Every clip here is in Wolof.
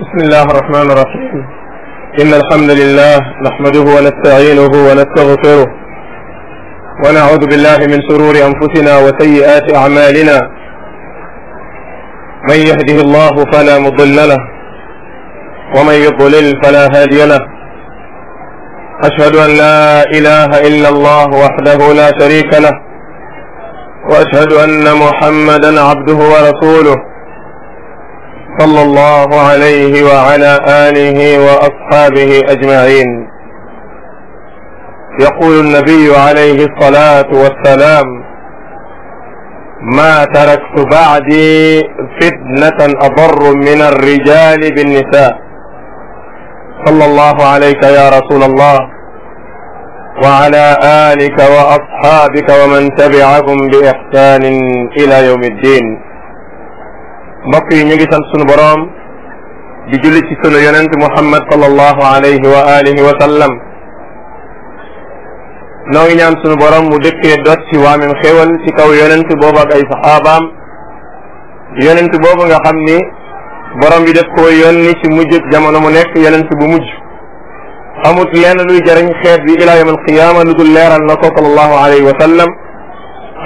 بسم الله الرحمن الرحيم إن الحمد لله نحمده ونستعينه ونستغفره ونعوذ بالله من شرور أنفسنا وسيئات أعمالنا من يهده الله فلا مضل له ومن يضلل فلا هادي له أشهد أن لا إله إلا الله وحده لا شريك له وأشهد أن محمدا عبده ورسوله sallallahu alayhi wa ala alihi wa ashabihi ajma'in. yaqulu an-nabiyyu alayhi salatu wa salaam. ma taraktu ba'di fitnatan adarru mina ar-rijali bin-nisaa. sallallahu alayka ya rasulallah. wa ala alika wa ashabika wa man tabi'ahum bi ihsanin ila yawmi ddin. mbokk yi ñu ngi sant sunu boroom di julli ci sunu yonent muhammad sallallahu alayhi ngi ñaan sunu boroom mu dëkkee dot ci waamem xéwal ci kaw yonent boobu ak ay saxaabaam yonent nga xam ni boroom bi def koo yónni ci mujj jamono mu nekk yonent bu mujj amut lenn luy jëriñ xeet bi ila yawm alqiyaama lu dul leeral na ko sallallahu alayhi wa sallam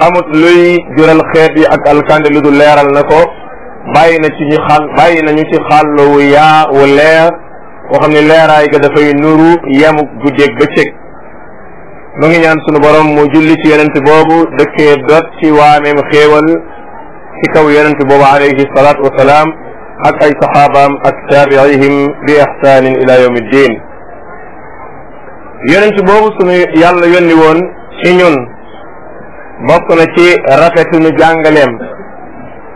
amut luy ak alkande lu dul leeral na ko bàyyi na ci ñu xàll bàyyi nañu ci xàll wu yaa wu leer koo xam ne leeraay ga dafay nuru yemuk guddeeg bëccëg nu ngi ñaan sunu borom mu julli ci yonent boobu dëkkee dot ci waameem xéewal ci kaw yonent boobu alayhi salaatu wasalaam ak ay saxaabaam ak taabiihim bi ixsaanin ila yawmi ddin yonent boobu sunu yàlla yónni woon ci ñun bokk na ci rafetu nu jàngaleem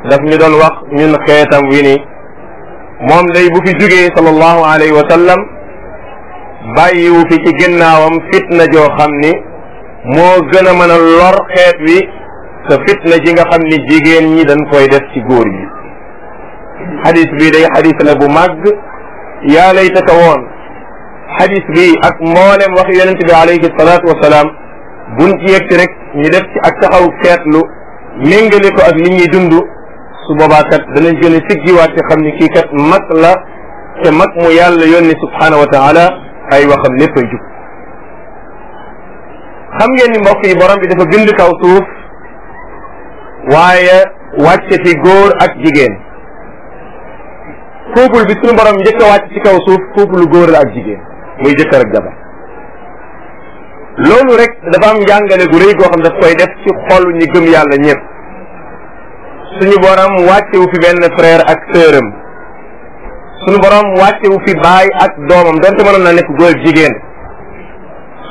daf ñu doon wax ñun xeetam wi ni moom lay bu fi jógee sallallahu alayhi wa sallam bàyyiwu fi ci ginnaawam fitna joo xam ni moo gën a mën a lor xeet wi te fitna ji nga xam ni jigéen ñi dañ koy def ci góor yi xadis bi day xadis la bu màgg yaa laytaka woon xadis bi ak mboolem wax yonent bi alayhi salaatu wasalaam buñ ci yegg rek ñu def ak taxaw seetlu méngale ko ak li ñuy dundu su boobaa kat danañ gën a siggiwaat te xam ni kii kat mag la te mag mu yàlla yónni subhaanahu wa taala ay waxam lépp ay xam ngeen ni mbokk yi borom bi dafa bind kaw suuf waaye wàcce fi góor ak jigéen couple bi suñu borom njëkk a wàcc ci kaw suuf couple góor la ak jigéen muy jëkkër ak jabar loolu rek dafa am njàngale gu rëy goo xam daf koy def ci xolu ñi gëm yàlla ñëpp suñu borom wàccewu fi benn frère ak sœuram suñu borom wàccewu fi baay ak doomam donte mënoon na nekk góor jigéen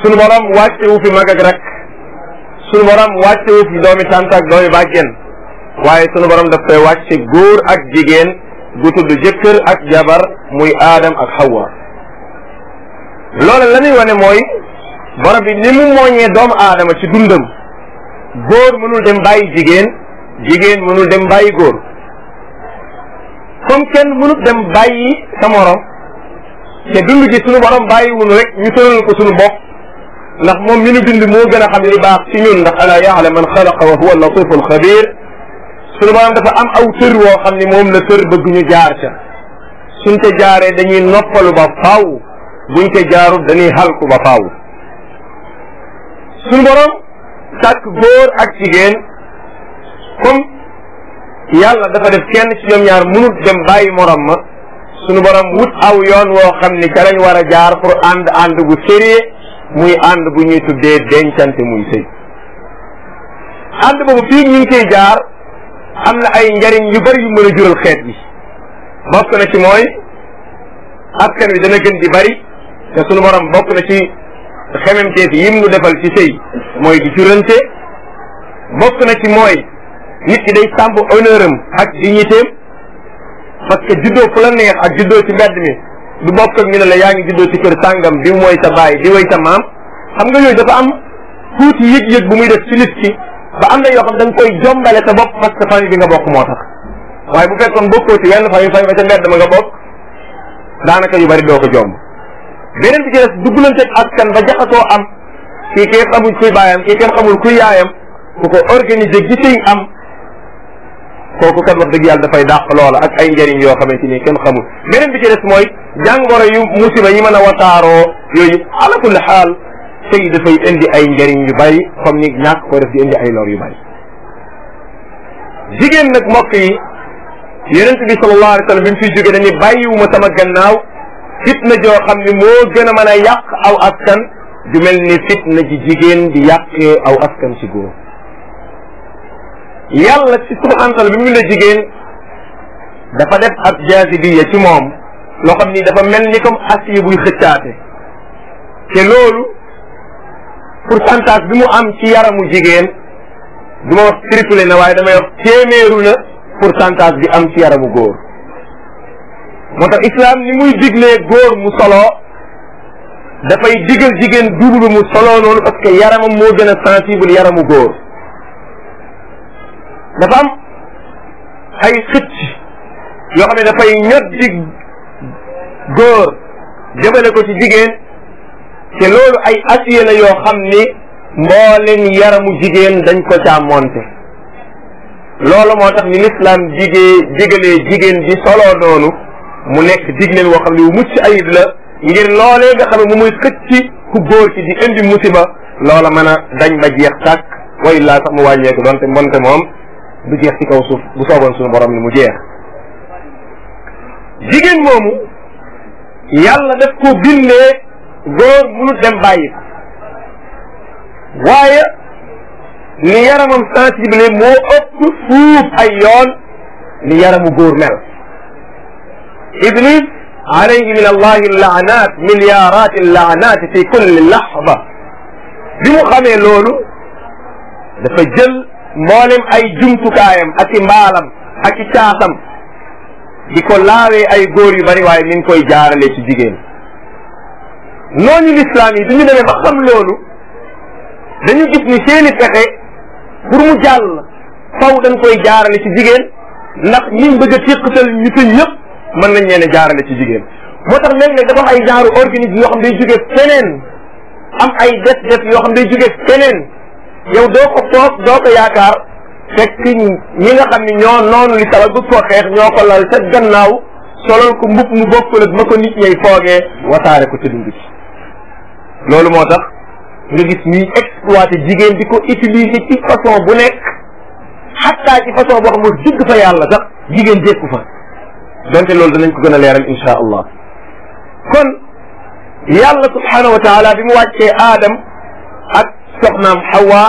suñu borom wàccewu fi mag ak rak suñu borom wàccewu fi doomi tànt ak doomi bàjjen waaye suñu borom daf koy wàcce góor ak jigéen gu tudd jëkkër ak jabar muy aadam ak xawa loolu la muy wane mooy borom bi ni mu mooñee doomu aadama ci dundam góor mënul dem bàyyi jigéen jigéen mënul dem bàyyi góor comme kenn mënul dem bàyyi sa morom te dund gi suñu borom bàyyi wunu rek ñu tëral ko suñu bopp ndax moom mi nu bind gën a xam li baax ci ñun ndax alaa yaala man xalaqa wa huwa latifu alxabir suñu borom dafa am aw tër woo xam ne moom la tër bëgg guñu jaar ca suñ ca jaaree dañuy noppalu ba faaw buñ ca jaarul dañuy halku ba faaw suñu borom sàkk góor ak jigéen comme yàlla dafa def kenn ci ñoom ñaar mënut dem bàyyi morom ma suñu borom wut aw yoon woo xam ni ca war a jaar pour ànd ànd gu sérieux muy ànd bu ñuy tuddee dencante muy sëy ànd boobu fii ñu jaar am na ay njariñ yu bari yu mën a jural xeet bi bokk na ci mooy askan bi dana gën di bari te suñu borom bokk na ci xememteef yim nu defal ci sëy mooy di jurante bokk na ci mooy nit ki day sàmp honneur am ak dignitéem parce que juddoo fu la neex ak juddoo ci mbedd mi du bokk ak ñu ne la yaa ngi juddoo ci kër sàngam di mooy sa baay di woy sa maam xam nga yooyu dafa am tuuti yëg-yëg bu muy def ci ki ba am na yoo xam da nga koy jombale sa bopp parce que famille bi nga bokk moo tax waaye bu fekkoon bokkoo ci wenn famille famille ba mbedd ma nga bokk daanaka yu bari doo ko jomb beneen bi ci des duggalante askan ba jaxatoo am kii kenn xamul kuy kuy yaayam ku kooku kat wax dëgg yàlla dafay dàq loola ak ay njëriñ yoo xamante ni kenn xamu beneen bi ci des mooy jàngoro yu musiba yi mën a wataaroo yooyu ala kulli xaal dafay indi ay njëriñ yu bari comme ni ñàkk koo def di yu bari jigéen nag mbokk yi yonent bi sallallahu alayhi wa sallam bi mu fiy jóge dañu bàyyiwuma sama gannaaw fitna joo xam ni moo gën a mën a yàq aw askan ju mel ni fitna jigéen di yàqee aw askan ci góor yàlla ci subhaanahu wa taala bi mu bindee jigéen dafa def ab jaasibiya ci moom loo xam ni dafa mel ni comme acier buy xëccaate te loolu pourcentage bi mu am ci yaramu jigéen du ma wax triplé na waaye damay wax téeméeru na pourcentage bi am ci yaramu góor moo tax islam ni muy diglee góor mu solo dafay digal jigéen ba mu solo noonu parce que yaramam moo gën a sensible yaramu góor dafa am ay xëcc yoo xam ne dafay ñoddi góor jëmale ko ci jigéen te loolu ay acier la yoo xam ni mbooleen yaramu jigéen dañ ko caa monte loolu moo tax ni lislaam jigée jigalee jigéen bi soloo noonu mu nekk digleen woo xam ne wu mucc ayib la ngir loolee nga xam ne mu muy xëcc ku góor ci di indi musiba loola mën a dañ ba jeex tàkk wa laa sax mu wàññeeku donte mbonte moom du jeex ci bu sooboon suñu borom ni mu jeex jigéen moomu yàlla daf ko bindee góor munut dem bàyyi ko ni yaramam sensible moo ëpp fuuf ay yoon ni yaramu góor mel iblis alayhi min allahi laanat milliarati fi kulli lahda bi mu xamee loolu dafa jël mboolem ay jumtukaayam ak i mbaalam ak i caasam di ko laawee ay góor yu bari waaye mi ngi koy jaarale ci jigéen noonu lislaam yi du ñu demee ba xam loolu dañu gis ni seeni pexe pour mu jàll faw dañ koy jaarale ci jigéen ndax ñiñ bëgg a téqatal ñu tëj ñëpp mën nañ leen jaarale ci jigéen moo tax léeg-léeg da am ay genre organisme yoo xam day jóge feneen am ay def def yoo xam day jóge feneen yow doo ko foog yaakaar fekk ñi nga xam ni ñoo li tax ko xeex ñoo ko lal ca gannaaw solol ko mbub mu bokkul ak ma ko nit ñay foogee wasaare ko ci dund loolu moo tax nga gis ñuy exploité jigéen di ko utiliser ci façon bu nekk xattaa ci façon boo xam ne digg fa yàlla sax jigéen jékku fa donte loolu danañ ko gën a leeral insha allah kon yàlla subhanahu wa bi mu wàccee aadam soxnaam Hawa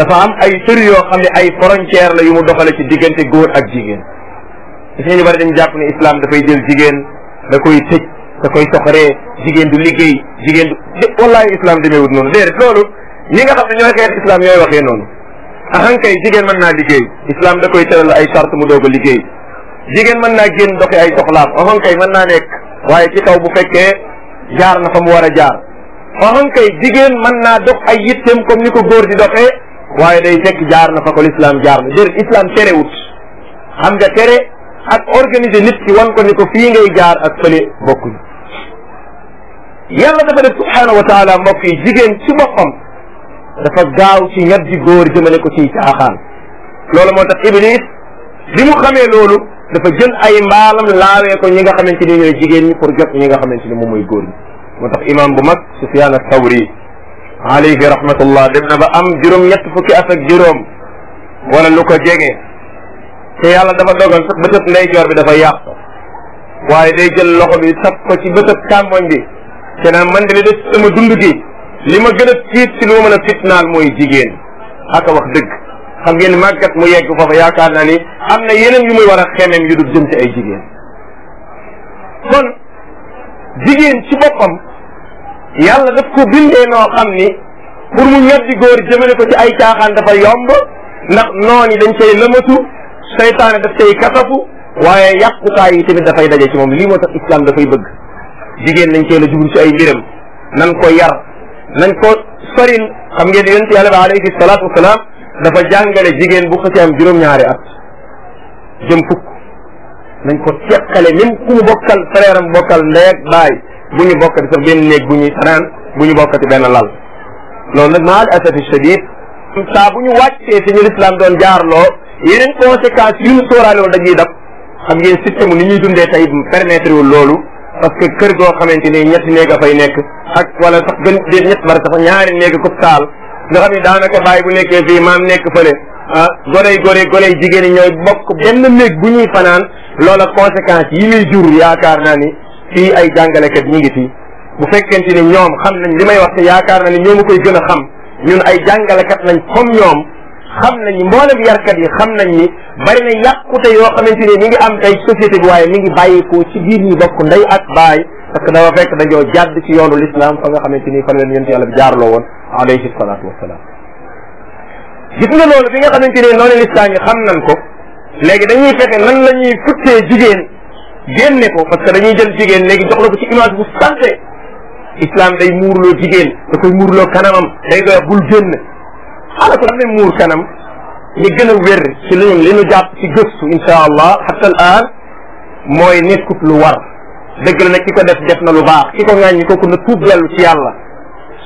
dafa am ay tëri yoo xam ne ay frontière la yu mu doxale ci diggante góor ak jigéen gis ñu bari dañ jàpp ne islam dafay jël jigéen da koy tëj da koy soxoree jigéen du liggéey jigéen du dé wallaahi islam demeewut noonu déedéet loolu ñi nga xam ne ñooy xeet islam ñooy waxee noonu axan kay jigéen mën naa liggéey islam da koy tëral ay charte mu doog a liggéey jigéen mën naa génn doxi ay soxlaam axan kay mën naa nekk waaye ci taw bu fekkee jaar na fa mu war a jaar waxoon kay jigéen mën naa dox ay yitteem comme ni ko góor di doxee waaye day fekk jaar na fa ko l'islam jaar na dér islam terewut xam nga tere ak organiser nit ki wan ko ni ko fii ngay jaar ak fële bokkuñu yàlla dafa def subhaanahu wa taala mbokk yi jigéen ci boppam dafa gaaw ci ñet ji góor jëmale ko ciy caaxaan loolu moo tax iblis bi mu xamee loolu dafa jël ay mbaalam laawee ko ñi nga xamante ni ñooy jigéen ñi pour jot ñi nga xamante ni moom mooy góor ñi moo tax imam bu mag Sufyaan Athawri alayhi rahmatullah dem na ba am juróom-ñett fukki at ak wala lu ko jege te yàlla dafa dogal sax bëtëb ndeyjoor bi dafa yàq waaye day jël loxo bi sab ko ci bëtëb càmmoñ bi te naan man de li des sama li ma gën a tiit ci lu mën a fitnaal mooy jigéen ak a wax dëgg xam ngeen màggat mu yegg foofa yaakaar naa ni am na yeneen yu muy war a xemeem yu dul jëm ci ay jigéen kon jigéen ci boppam yàlla daf ko bindee noo xam ni pour mu ñoddi góor jëmale ko ci ay caaxaan dafa yomb ndax noon yi dañ cay lëmatu seytaane daf cay kasafu waaye yàqukaay yi tamit dafay daje ci moom lii moo tax islam dafay bëgg jigéen nañ cee la jublu ci ay mbiram nan ko yar nañ ko soril xam ngeen di yonent yàlla ba alayhi dafa jàngale jigéen bu xasee am juróom-ñaari at jëm fukk nañ ko teqale même ku bokkal frère am bokkal ndey baay bu ñu bokkati sax benn néeg bu ñuy fanaan bu ñu bokkati benn lal loolu nag maal asafi shadid saa bu ñu wàccee si ñu lislaam doon jaarloo yeneen conséquences yu ñu sóoraale woon dañuy dab xam ngeen système ni ñuy dundee tey permettre wul loolu parce que kër goo xamante ni ñetti néeg a fay nekk ak wala sax gën ñett bari sax ñaari néeg ko taal nga xam ne daanaka bàyyi bu nekkee fii maam nekk fële ah gorey gorey gorey jigéen ñi ñooy bokk benn néeg bu ñuy fanaan loola conséquence yi muy yaakaar naa ni fii ay jàngalekat ñi ngi fi bu fekkente ni ñoom xam nañ li may wax te yaakaar na ne ñoo ma koy gën a xam ñun ay jàngalekat lañ comme ñoom xam nañ ni mboolem yarkat yi xam nañ ni bari na yàqute yoo xamante ni mi ngi am tey société bi waaye mi ngi bàyyikoo ci biir ñi bokk ndey ak baay parce que dafa fekk dañoo jàdd ci yoonu l'islam fa nga xamante ni fan leen yonent yàlla bi jaarloo woon alayhi salaatu wasalaam gis nga loolu bi nga xamante ni noonu l'islam yi xam ko léegi dañuy fexe nan génne ko parce que dañuy jël jigéen léegi jox la ko ci image bu salte islam day muurloo jigéen da koy muurloo kanamam day koy wax bul génn xaaral ko kanam li gën a wér ci li ñu jàpp ci gëstu insha allah hatta al an mooy nekkut lu war dëgg la nag ki ko def def na lu baax ki ko ŋàññi kooku na tuub dellu ci yàlla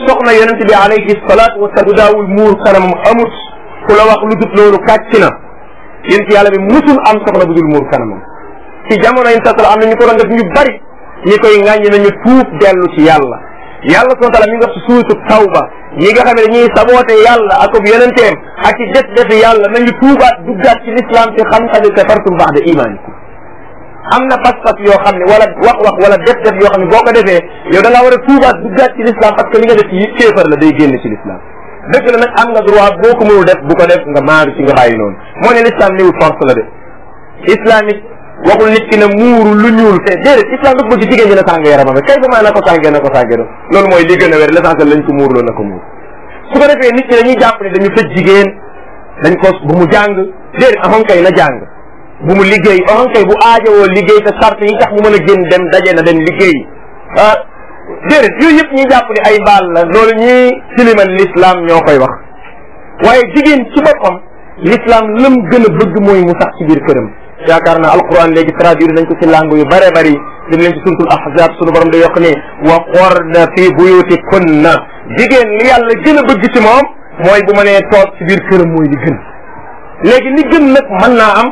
soxna yonent bi alayhi salaatu wasalaam bu daawul muur kanamam amut ku la wax lu dut loolu kàcc na yonent yàlla bi musul am soxna bu dul muur kanamam ci jamono yi sa am na ñu ko doon def ñu bari ñi koy ŋàññi nañu tuub dellu ci yàlla yàlla subhanahu wa mi ngi wax ci tawba ñi nga xam ne dañuy saboote yàlla ak ab yonenteem ak ci def-def na nañu tuubaat duggaat ci lislaam ci xam xadi kafartum ba'da imaanikum am na pas-pas yoo xam ne wala wax wax wala def-def yoo xam ne boo ko defee yow da ngaa war a tuubaat duggaat ci lislaam parce que li nga def yi kéefar la day génn ci lislaam dëgg la nag am nga droit boo def bu ko def nga maaru noonu moo ne lislaam niwul force la de islamique waxul nit ki ne muuru lu ñuul te déedéet islam dafa bëgg jigéen ñi na sàng yaramam rek kay fa maa na ko sàngee na ko sàngee na loolu mooy li gën a wér l'essentiel lañ ko muurloo na ko muur su ko defee nit ñi dañuy jàpp ne dañu tëj jigéen dañ ko bu mu jàng déedéet axon kay na jàng bu mu liggéey axon kay bu aajowoo liggéey te sart yi tax mu mën a génn dem daje na dem liggéey ah déedéet yooyu yëpp ñuy jàpp ni ay baal la loolu ñuy silimal l'islam ñoo koy wax waaye jigéen ci boppam l'islam lëm gën a bëgg mooy mu sax ci biir këram yaakaar naa alquran léegi traduire nañ ci langue bare bari dem leen ci suratul ahzab sunu borom day yokk wa qorna fi buyutikunna jigéen li yàlla gën a bëgg ci moom mooy bu ma nee toog ci biir këram mooy li gën léegi li gën nag mën naa am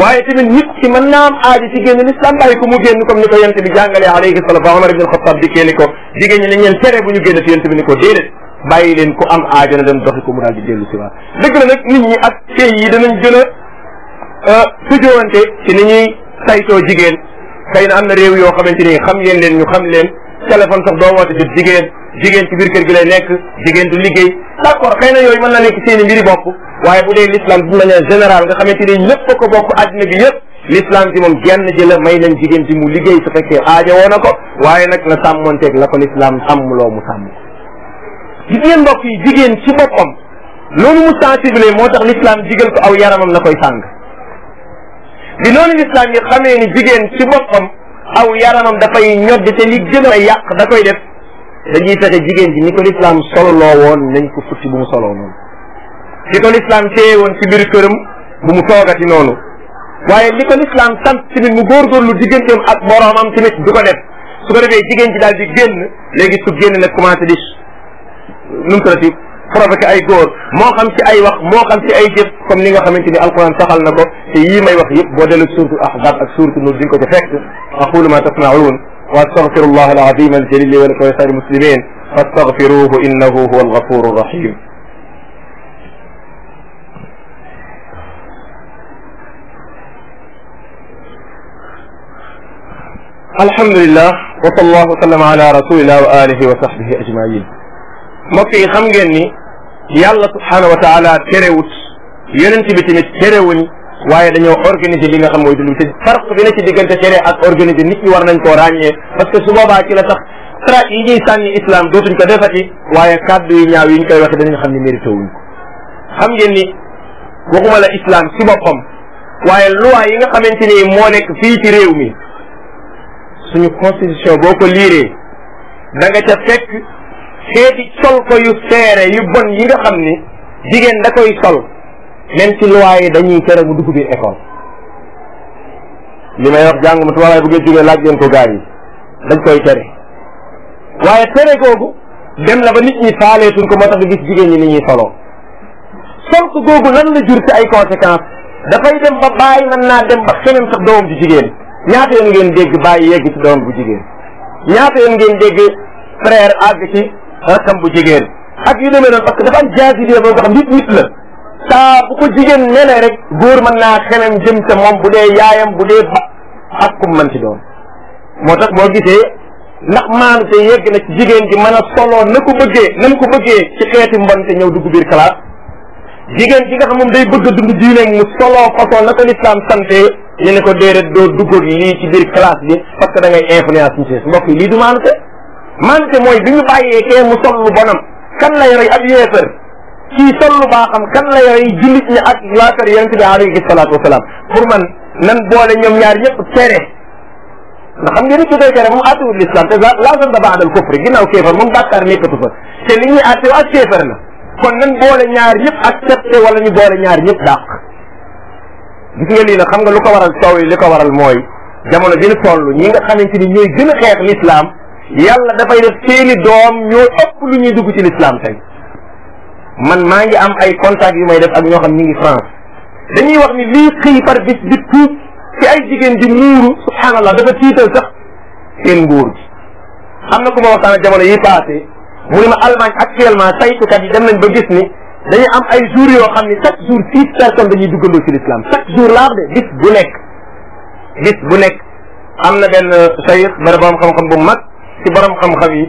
waaye tamit nit ki man naa am aaji ci génn l'islam bàyyi ko mu génn comme ni ko yent bi jàngalee alayhi salaam ba Omar ibn al-Khattab dikkee ni ko jigéen ñi nañ leen tere bu ñu génn ci yent bi ni ko déedéet bàyyi leen ku am aajo na dem doxi ko di dellu si a Euh, tujowante ci ni ñuy saytoo jigéen xëy na am na réew yoo xamante ni xam ngeen leen ñu xam leen téléphone sax doo woote jot jigéen jigéen ci kër gi lay nekk jigéen du liggéey d'accord xëy na yooyu mën na nekk seen i mbiri bopp waaye dee l'islam d'une manière générale nga xamante ni lépp a ko bokk àddina bi yëpp moom genn ji la may nañ jigéen ci mu liggéey su fekkee aaja woo na ko waaye nag na sàmmonteeg la ko l'islam sàmmloo mu sàmm gis ngeen mbokk yi jigéen ci boppam loolu mu sensible moo tax l'islam digal ko aw yaramam na koy sàng bi noonu lislaam yi xamee ni jigéen ci boppam aw yaramam dafay ñodd te li gën a yàq da koy def dañuy fexe jigéen ji ni ko lislaam sololoo woon nañ ko futti bu mu soloo noonu li ko lislaam téye woon ci biir këram bu mu toogati noonu waaye li ko lislaam sant tamit mu góorgóorlu digganteem ak boroomam tamit du ko def su ko defee jigéen ji daal di génn léegi su génn nag commencé di nu mu tuddati provoqué ay góor moo xam ci ay wax moo xam ci ay jëf comme ni nga xamante ni alquran saxal na ko te yii may wax yëpp boo dellu suurtu ahzab ak suurtu nur di nga ko ci fekk aqulu ma tasmaun wa astaghfirullah alazim aljalil li wa lakum wa lisa'il muslimin fastaghfiruhu innahu huwa alghafuru rahim alhamdulilah wa sallallahu wa sallama ala rasulillah wa alihi wa sahbihi ajmain mbokk yi xam ngeen ni yàlla subhaanahu wa taala terewut yonent bi tamit terewuñ waaye dañoo organiser li nga xam mooy dund te farq bi na ci diggante tere ak organiser nit ñi war nañ koo ràññee parce que su boobaa ci la sax traite yi ñuy sànni islam dootuñ ko defati waaye kàddu yu ñaaw yi ñu koy waxe dañu nga xam ne mérité wuñ ko xam ngeen ni waxuma la islam ci boppam waaye loi yi nga xamante ne moo nekk fii ci réew mi suñu constitution boo ko liiree da ca fekk xeeti sol ko yu seere yu bon yi nga xam ni jigéen da koy sol même ci yi dañuy tere mu dugg biir école li may wax jàng ma bu ngeen jógee laaj leen ko gaar yi dañ koy tere waaye tere googu dem na ba nit ñi faaleetuñ ko moo tax gis jigéen ñi ni ñuy soloo sol ko googu lan la jur ci ay conséquences dafay dem ba bàyyi mën naa dem ba xeneen sax doom bu jigéen ñaata yoon ngeen dégg bàyyi yegg ci doomam bu jigéen ñaata yoon ngeen dégg frère àgg ci rakkam bu jigéen ak yu demee noonu parce que dafa am jaasilee boo nga xam nit nit la saa bu ko jigéen nene rek góor mën naa xemem jëm sa moom bu dee yaayam bu dee ba ak kum mën ci doon moo tax boo gisee ndax maanu te yegg na ci jigéen gi mën a soloo na ko bëggee na mu ko bëggee ci xeeti mbon te ñëw dugg biir classe jigéen gi nga xam moom day bëgg a dund diine mu soloo façon na ko lislaam sante ñu ne ko déedéet doo duggoog lii ci biir classe bi parce que da ngay influence yi lii du maanu maa mante mooy bi ñu bàyyee kee mu sol lu bonam kan la rey ab yéefar kii sol lu baaxam kan lay rey jullit ñi ak laakar yonente bi alayhi salaatu wasalaam pour man nan boole ñoom ñaar yëpp tere ndax xam nga nit ki koy tere la àttewul l'islam te laa san da ba'dal kufri ginnaaw kéefar moom bàkkaar nekkatu fa te li la kon nan boole ñaar yëpp accepté wala ñu boole ñaar yëpp dàq gis nga lii nag xam nga lu ko waral coow li ko waral mooy jamono bi ñu toll ñi nga xamante ni ñooy gën a xeex l'islam yàlla dafay def seeni doom ñoo ëpp lu ñuy dugg ci l'islam tey man maa ngi am ay contact yu may def ak ñoo xam ñu ngi France dañuy wax ni lii xëy par bis di tuub ci ay jigéen di muuru subhanallah dafa tiital sax seen nguur gi am na ku ma waxtaan ak jamono yi passé mu ne ma Allemagne actuellement saytukat yi dem nañ ba gis ni dañuy am ay jour yoo xam ni chaque jour six personnes dañuy duggandoo ci l'islam chaque jour laa de bis bu nekk bis bu nekk am na benn euh, sayit bara boom xam-xam ci borom xam-xam yi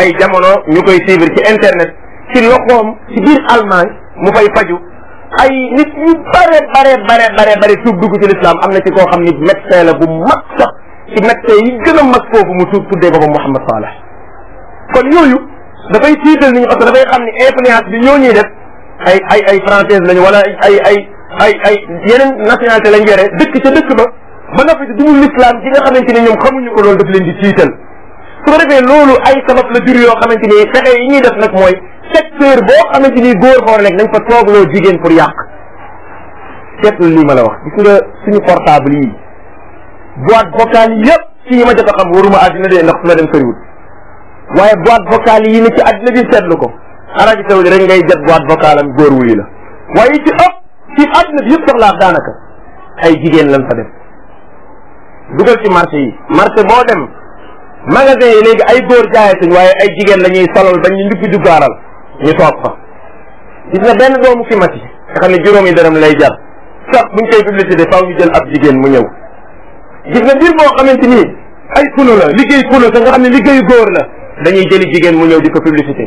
ay jamono ñu koy suivre ci internet ci loxoom ci biir Allemagne mu fay faju ay nit ñu bare bare bare bare bare tuub dugg ci l'islam am na ci koo xam ni médecin la bu mag sax ci médecin yi gën a mag foofu mu tuub tuddee boppam Mouhamed Saleh kon yooyu dafay tiital nit ñi parce que dafay xam ni influence bi ñoo ñuy def ay ay ay française lañu wala ay ay ay ay yeneen nationalité lañ yore dëkk ca dëkk ba ba noppi du mu l'islam gi xamante ni ñoom xamuñu ko loolu daf leen di su defee loolu ay sabab la jur yoo xamante ni fexe yi ñuy def nag mooy secteur boo xamante ni góor foo nekk dañ fa toogloo jigéen pour yàq seetlu lii ma la wax gis nga suñu portable yi boîte vocale yëpp ci ñi ma jot a xam waruma àddina de ndax su la dem soriwut waaye boîte vocale yi ni ci àddina bi seetlu ko arajo saudi rek ngay jot boîte vocale am góor wuyu la waaye ci ëpp ci àddina bi yëpp laax daanaka ay jigéen lan fa def dugal ci marché boo dem magasin yi léegi ay góor jaayatuñ waaye ay jigéen la ñuy solal bañ ñu ndugg juggaaral ñu toog fa gis nga benn doomu kimati nga xam ne juróomi dërëm lay jar sax buñ koy publicité faaw ñu jël ab jigéen mu ñëw gis nga mbir boo xamante ni ay puno la liggéey puno sa nga xam ne liggéeyu góor la dañuy jëli jigéen mu ñëw di ko publicité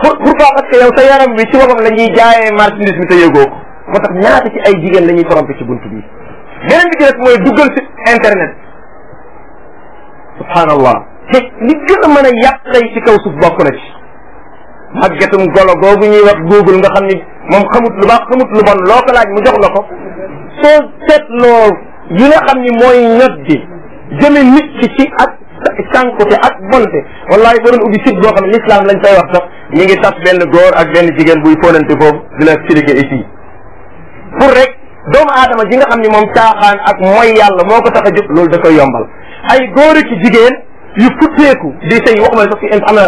pour pourquoi parce que yow sa yaram bi ci boppam la ñuy jaayee marchandise bi te yëgoo moo tax ñaata ci ay jigéen la ñuy corrompre ci buntu bi beneen bi mooy duggal ci internet subhaanallah te li gën a mën a yàq tey ci kaw suuf bokk na ci màggetum golo googu ñuy wax google nga xam ni moom xamut lu baax xamut lu bon loo laaj mu jox la ko set loo yi nga xam ni mooy ñot bi jëme ci ak sànkute ak bonte wallahi boo doon ubbi site boo xam ne lañ fay wax sax ñu ngi tas benn góor ak benn jigéen buy fóonante foofu di la expliquer ici pour rek doomu ji nga xam ni moom caaxaan ak mooy yàlla moo ko tax a jóg loolu da koy yombal ay góor ak jigéen yu futteeku di sëy wax ma sax fi am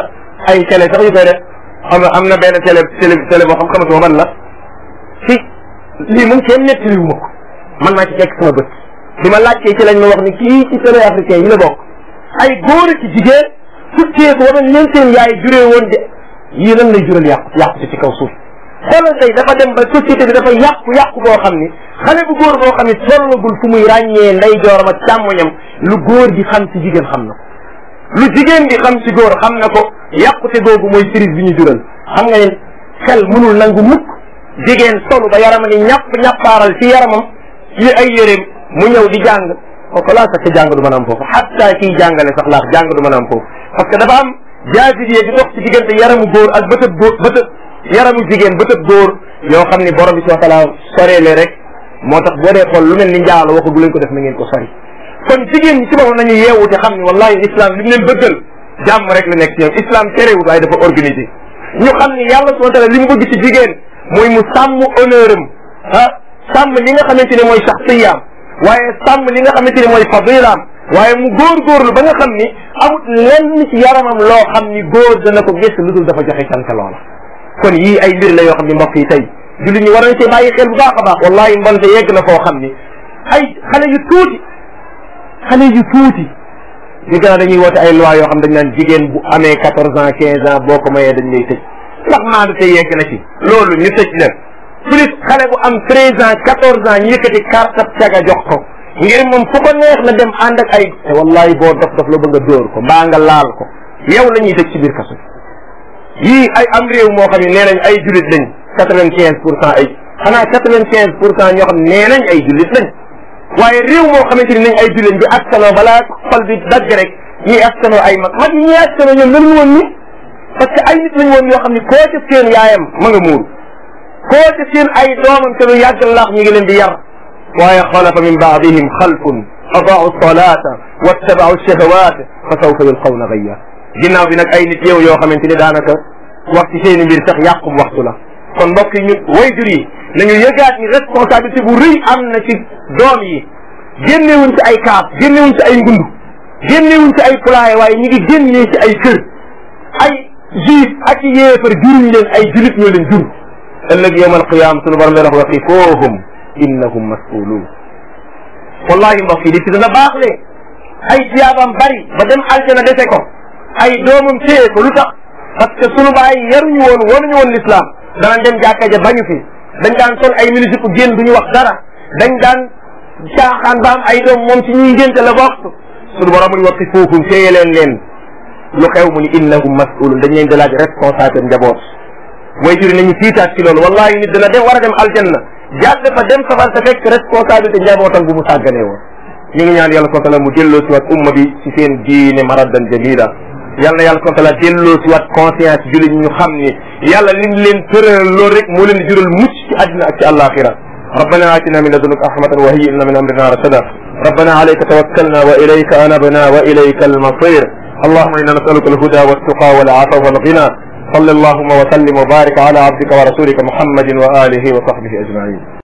ay tele sax yu koy xam nga am na benn télé télé télé boo xam xamatuma man la si lii moom kenn nettali wu ma man maa ci fekk sama bët di ma laaj ci lañ ma wax ni kii ci télé africain yi la bokk ay góor ak jigéen futteeku war nañ leen seen yaay juree woon de yii lan lay jural yàqu yàqu ci kaw suuf xoolal tey dafa dem ba société bi dafa yàqu-yàqu boo xam ni xale bu góor boo xam ni tollagul fu muy ràññee nday jooram ak càmmoñam lu góor gi xam ci jigéen xam na ko lu jigéen di xam ci góor xam na ko yàqute googu mooy crise bi ñu jural xam nga ne xel mënul nangu mukk jigéen solu ba yaram ni ñàpp ñàppaaral ci yaramam ci ay yéreem mu ñëw di jàng kooku laa sax jàng du mën a am foofu xatta kiy jàngale sax laax jàng du mën a am foofu parce que dafa am jaasibiye di dox ci diggante yaramu góor ak bëtëb góor bëtëb yaramu jigéen ba tëb góor yoo xam ni borom bi subhanahu wa taala soreele rek moo tax boo dee xool lu ne ni njaalo waxu bu leen ko def na ngeen ko sori kon jigéen ñi ci boppam nañu yeewu te xam ni wallahi islam li mu leen bëggal jàmm rek la nekk ci ñoom islam terewul waaye dafa organisé ñu xam ni yàlla subhanahu wa taala li mu bëgg ci jigéen mooy mu sàmm honneur am ah sàmm li nga xamante ne mooy saxsiyaam waaye sàmm li nga xamante ne mooy fadilaam waaye mu góorgóorlu ba nga xam ni amut lenn ci yaramam loo xam ni góor ko gis lu dul dafa joxe cante loola kon yii ay mbir la yoo xam ne mbokk yi tey jullit ñi war nañ cee bàyyi xel bu baax a baax wallahi mbonte yegg na foo xam ni ay xale yu tuuti xale yu tuuti da gën dañuy woote ay loi yoo xam dañ naan jigéen bu amee quatorze ans quinze ans boo ko mayee dañ lay tëj ndax maandu te yegg na ci loolu ñu tëj la plus xale bu am treize ans quatorze ans ñu yëkkati carte caga jox ko ngir moom fu ko neex na dem ànd ak ay wallahi boo dof dof la bëgg a dóor ko mbaa nga laal ko yow la ñuy tëj ci yii ay am réew moo xam ne nee nañ ay jullit lañ quatre vingt quinze pour cent ay xanaa quatre vingt quinze pour cent ñoo xam nee nañ ay jullit lañ waaye réew moo xamante ni nañ ay jullit bi askanoo balaa xol bi dagg rek ñuy askanoo ay mag mag yi ñuy askanoo ñoom lan woon ni parce que ay nit lañ woon yoo xam ne koo ca seen yaayam ma nga muur koo ca seen ay doomam te lu yàgg laax ñu ngi leen di yar waaye xalafa min baadihim xalfun adaau salata wattabau shahawat fa sawfa yalqawna gayya ginnaaw bi nag ay nit ñëw yoo xamante ni daanaka wax ci seen mbir sax yàqum waxtu la kon mbokk yi ñu way jur yi nañu yëgaat ni responsabilité bu rëy am na ci doom yi génnewuñ ci ay kaab génnewuñ ci ay ngund génnewuñ ci ay poulailler waaye ñu ngi génnee ci ay kër ay juif ak i yéefar juruñ leen ay julit ñoo leen jur ëllëg yowm alqiyama sunu borom leen wax waqifuhum innahum mas'uluun wallahi mbokk yi li ci dana baax le ay jiyaabaam bari ba dem aljana dese ko ay doomam téye ko lu tax parce que sunu baay yaruñu woon wanuñu woon lislaam danañ dem jàkka ja bañu fi dañ daan sol ay musique génn duñu wax dara dañ daan caaxaan ba am ay doom moom ci ñuy ngénte la bokk sunu borom mu ni waqifuuhum téye leen leen lu xew mu ni innahum mas'ulun dañ leen di laaj responsable njaboot way juri nañu tiitaat ci loolu wallahi nit dana dem war a dem aljanna jàdd fa dem safar te fekk responsabilité njabootam bu mu sàgganee woon ñu ngi ñaan yàlla subhanahu mu delloo si waat umma bi ci seen diine yàlla na yàlla subhaanahu wa taala delloo si waat conscience jullit ñu xam ni yàlla li mu leen tëral loolu rek moo leen jural mucc ci àddina ak ci àllaaxira rabbana atina min ladunka rahmatan wa hayyi lana min amrina rashada rabbana alayka tawakkalna wa ilayka anabna wa ilayka almasir allahumma inna nasaluka alhuda waltuqa walaafa walghina salli allahumma wa sallim wa barik ala abdika wa rasulika muhammadin wa alihi wa sahbihi ajmain